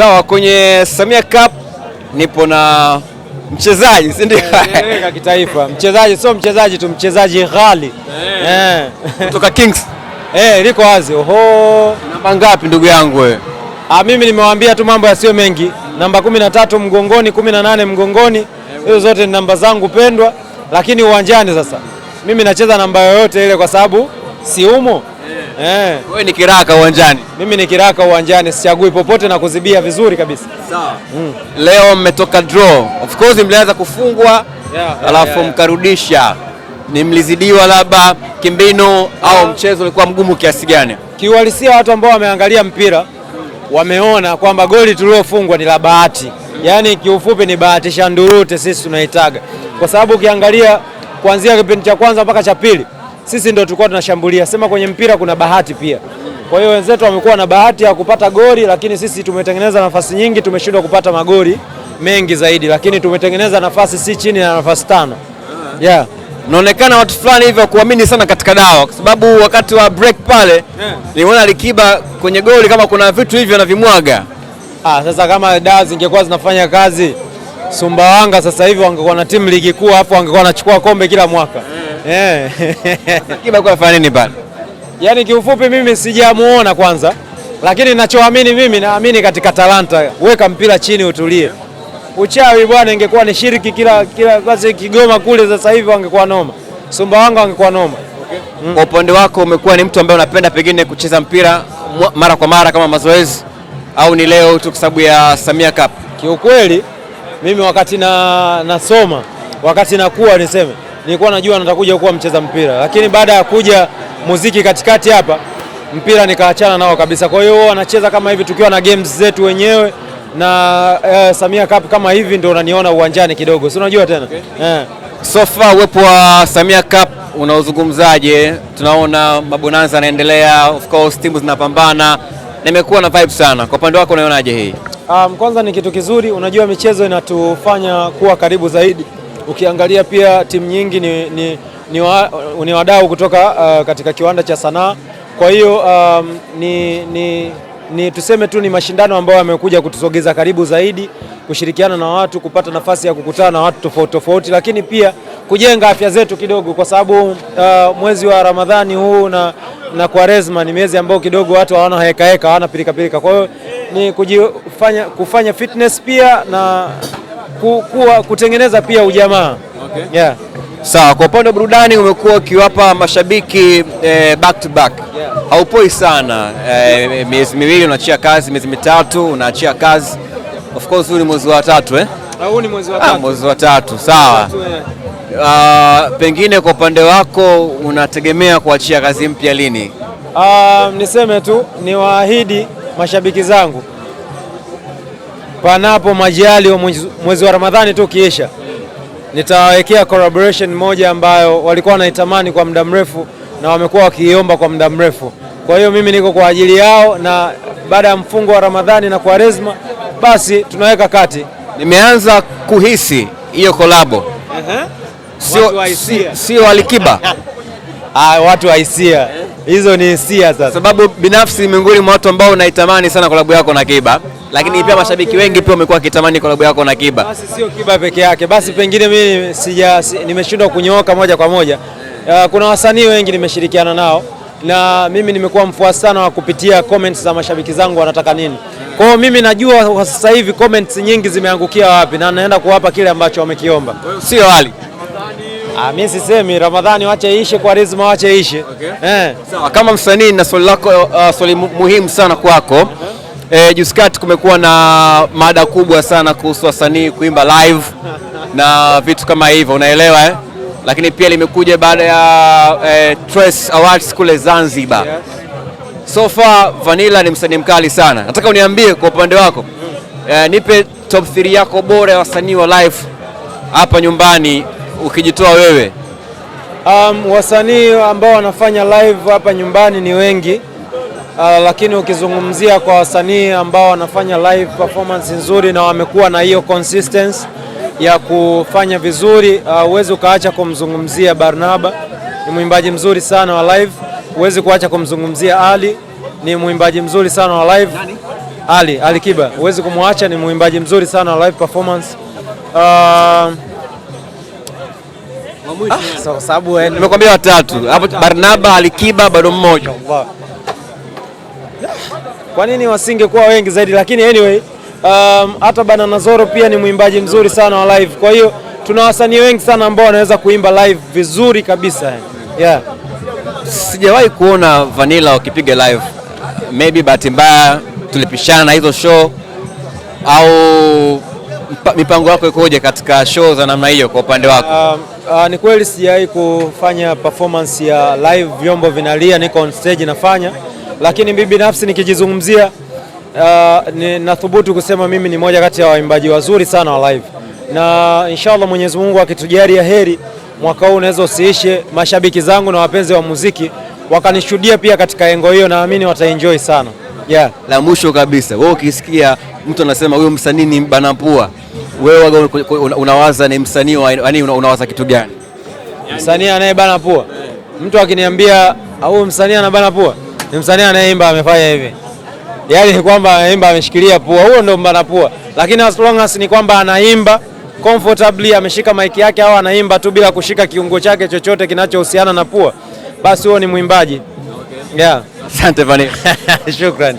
Sawa, kwenye Samia Cup nipo na mchezaji si ndio? Eh, eh, eh, kitaifa mchezaji, sio mchezaji tu, mchezaji ghali kutoka Kings. Eh, liko wazi. Oho, namba ngapi ndugu yangu wewe? Ah, mimi nimewaambia tu mambo yasiyo mengi, namba kumi na tatu mgongoni, kumi na nane mgongoni, hizo zote ni namba zangu pendwa, lakini uwanjani sasa mimi nacheza namba yoyote ile, kwa sababu siumo Eh. Wewe ni kiraka uwanjani. Mimi ni kiraka uwanjani, sichagui popote na kuzibia vizuri kabisa. Sawa. Mm. Leo mmetoka draw. Of course mlianza kufungwa yeah, alafu yeah, mkarudisha Ni mlizidiwa labda kimbinu au ah. mchezo ulikuwa mgumu kiasi gani? Kiuhalisia watu ambao wameangalia mpira wameona kwamba goli tuliofungwa ni la bahati, yaani kiufupi ni bahati shandurute, sisi tunaitaga, kwa sababu ukiangalia kuanzia kipindi cha kwanza mpaka cha pili sisi ndio tulikuwa tunashambulia. Sema kwenye mpira kuna bahati pia. Kwa hiyo wenzetu wamekuwa na bahati ya kupata goli, lakini sisi tumetengeneza nafasi nyingi, tumeshindwa kupata magoli mengi zaidi, lakini tumetengeneza nafasi si chini ya nafasi tano. Uh-huh. Yeah. Naonekana watu fulani hivyo kuamini sana katika dawa, kwa sababu wakati wa break pale niliona yeah. Alikiba kwenye goli kama kuna vitu hivyo anavimwaga. Ah, sasa kama dawa zingekuwa zinafanya kazi Sumbawanga sasa hivi wangekuwa na timu ligi kuu, hapo wangekuwa wanachukua kombe kila mwaka. Eh. nini pale? Yaani kiufupi mimi sijamuona kwanza, lakini ninachoamini mimi naamini katika talanta. Weka mpira chini, utulie. Uchawi bwana, ingekuwa ni shiriki kila kila kazi Kigoma kule, sasa hivi wangekuwa noma, wangu wangekuwa noma. Okay. Kwa upande wako umekuwa ni mtu ambaye unapenda pengine kucheza mpira mara kwa mara kama mazoezi au ni leo tu kwa sababu ya Samia Cup? Kiukweli mimi wakati na nasoma wakati nakuwa niseme nilikuwa najua natakuja kuwa mcheza mpira, lakini baada ya kuja muziki katikati hapa mpira nikaachana nao kabisa. Kwa hiyo wanacheza kama hivi tukiwa na games zetu wenyewe na eh, Samia Cup kama hivi ndio unaniona uwanjani kidogo, si unajua tena okay. Eh. Sofa, uwepo wa Samia Cup unaozungumzaje? Tunaona mabonanza yanaendelea, of course timu zinapambana na imekuwa na vibe sana. Kwa upande wako unaionaje hii? Um, kwanza ni kitu kizuri, unajua michezo inatufanya kuwa karibu zaidi Ukiangalia pia timu nyingi ni, ni, ni, wa, ni wadau kutoka uh, katika kiwanda cha sanaa. Kwa hiyo um, ni, ni, ni tuseme tu ni mashindano ambayo yamekuja kutusogeza karibu zaidi, kushirikiana na watu, kupata nafasi ya kukutana na watu tofauti tofauti, lakini pia kujenga afya zetu kidogo, kwa sababu uh, mwezi wa Ramadhani huu na, na Kwaresma ni miezi ambayo kidogo watu hawana heka, hawana pilika, Kwa hiyo ni kujifanya, kufanya fitness pia na ku, ku, kutengeneza pia ujamaa okay. yeah. Sawa, kwa upande wa burudani umekuwa ukiwapa mashabiki eh, back to back yeah. haupoi sana eh, miezi miwili unaachia kazi, miezi mitatu unaachia kazi. Of course huu ni mwezi wa tatu eh? Ah, huu ni mwezi wa ah, tatu, mwezi wa tatu sawa. Uh, pengine kwa upande wako unategemea kuachia kazi mpya lini? Uh, niseme tu niwaahidi mashabiki zangu panapo majali mwezi wa Ramadhani tu ukiisha, nitawawekea collaboration moja ambayo walikuwa wanaitamani kwa muda mrefu na wamekuwa wakiiomba kwa muda mrefu. Kwa hiyo mimi niko kwa ajili yao, na baada ya mfungo wa Ramadhani na Kwaresma, basi tunaweka kati. Nimeanza kuhisi hiyo kolabo Sio si, sio Alikiba ah, watu wa hisia hizo ni hisia sasa, sababu binafsi miongoni mwa watu ambao unaitamani sana kolabo yako na Kiba lakini pia ah, mashabiki wengi pia wamekuwa wakitamani kolabu yako na Kiba. Basi sio Kiba peke yake, basi pengine mimi sija nimeshindwa kunyooka moja kwa moja. Eh. Ah, kuna wasanii wengi nimeshirikiana nao na mimi nimekuwa mfuasi sana wa kupitia comments za mashabiki zangu wanataka nini. Kwa hiyo mimi najua kwa sasa hivi comments nyingi zimeangukia wapi na naenda kuwapa kile ambacho wamekiomba. Sio hali. Ah, mimi sisemi Ramadhani wache ishe kwa rizma wache ishe. Okay. Eh. Sawa, kama msanii na swali lako uh, swali muhimu sana kwako. Uh -huh. E, eh, Juskat, kumekuwa na mada kubwa sana kuhusu wasanii kuimba live na vitu kama hivyo unaelewa eh? Lakini pia limekuja baada ya eh, Trace Awards kule Zanzibar. So far Vanilla ni msanii mkali sana. Nataka uniambie kwa upande wako. Eh, nipe top 3 yako bora ya wasanii wa live hapa nyumbani ukijitoa wewe. Um, wasanii ambao wanafanya live hapa nyumbani ni wengi Uh, lakini ukizungumzia kwa wasanii ambao wanafanya live performance nzuri na wamekuwa na hiyo consistency ya kufanya vizuri, ah, huwezi uh, ukaacha kumzungumzia Barnaba, ni mwimbaji mzuri sana wa live. Huwezi kuacha kumzungumzia Ali, ni mwimbaji mzuri sana wa live. Ali, Ali Kiba, huwezi kumwacha, ni mwimbaji mzuri sana wa live performance. Uh, ah, ah sababu eh, nimekwambia watatu hapo, Barnaba, Alikiba bado mmoja kwa nini wasingekuwa wengi zaidi? Lakini anyway, um, hata Banana Zoro pia ni mwimbaji mzuri sana wa live. Kwa hiyo tuna wasanii wengi sana ambao wanaweza kuimba live vizuri kabisa. Yeah. Sijawahi kuona Vanilla wakipiga live. Maybe bahati mbaya tulipishana hizo show au mipango yako ikoje katika show za namna hiyo kwa upande wako? Uh, uh, ni kweli sijawahi kufanya performance ya live, vyombo vinalia, niko on stage nafanya lakini mimi binafsi nikijizungumzia, uh, ninathubutu kusema mimi ni moja kati ya waimbaji wazuri sana wa live, na inshallah Mwenyezi Mungu akitujalia heri mwaka huu unaweza usiishe, mashabiki zangu na wapenzi wa muziki wakanishuhudia pia katika engo hiyo, naamini wataenjoy sana yeah. La mwisho kabisa, wewe ukisikia mtu anasema huyo msanii ni banapua, wewe unawaza ni msanii yani, unawaza kitu gani? Msanii anaye banapua? Mtu akiniambia au ah, msanii anabana pua ni msanii anayeimba amefanya hivi, yaani ni kwamba anaimba ameshikilia pua, huo ndio mbana pua, lakini as long as ni kwamba anaimba comfortably, ameshika maiki yake au anaimba tu bila kushika kiungo chake chochote kinachohusiana na pua, basi huo ni mwimbaji. Okay. Yeah. Asante Shukrani.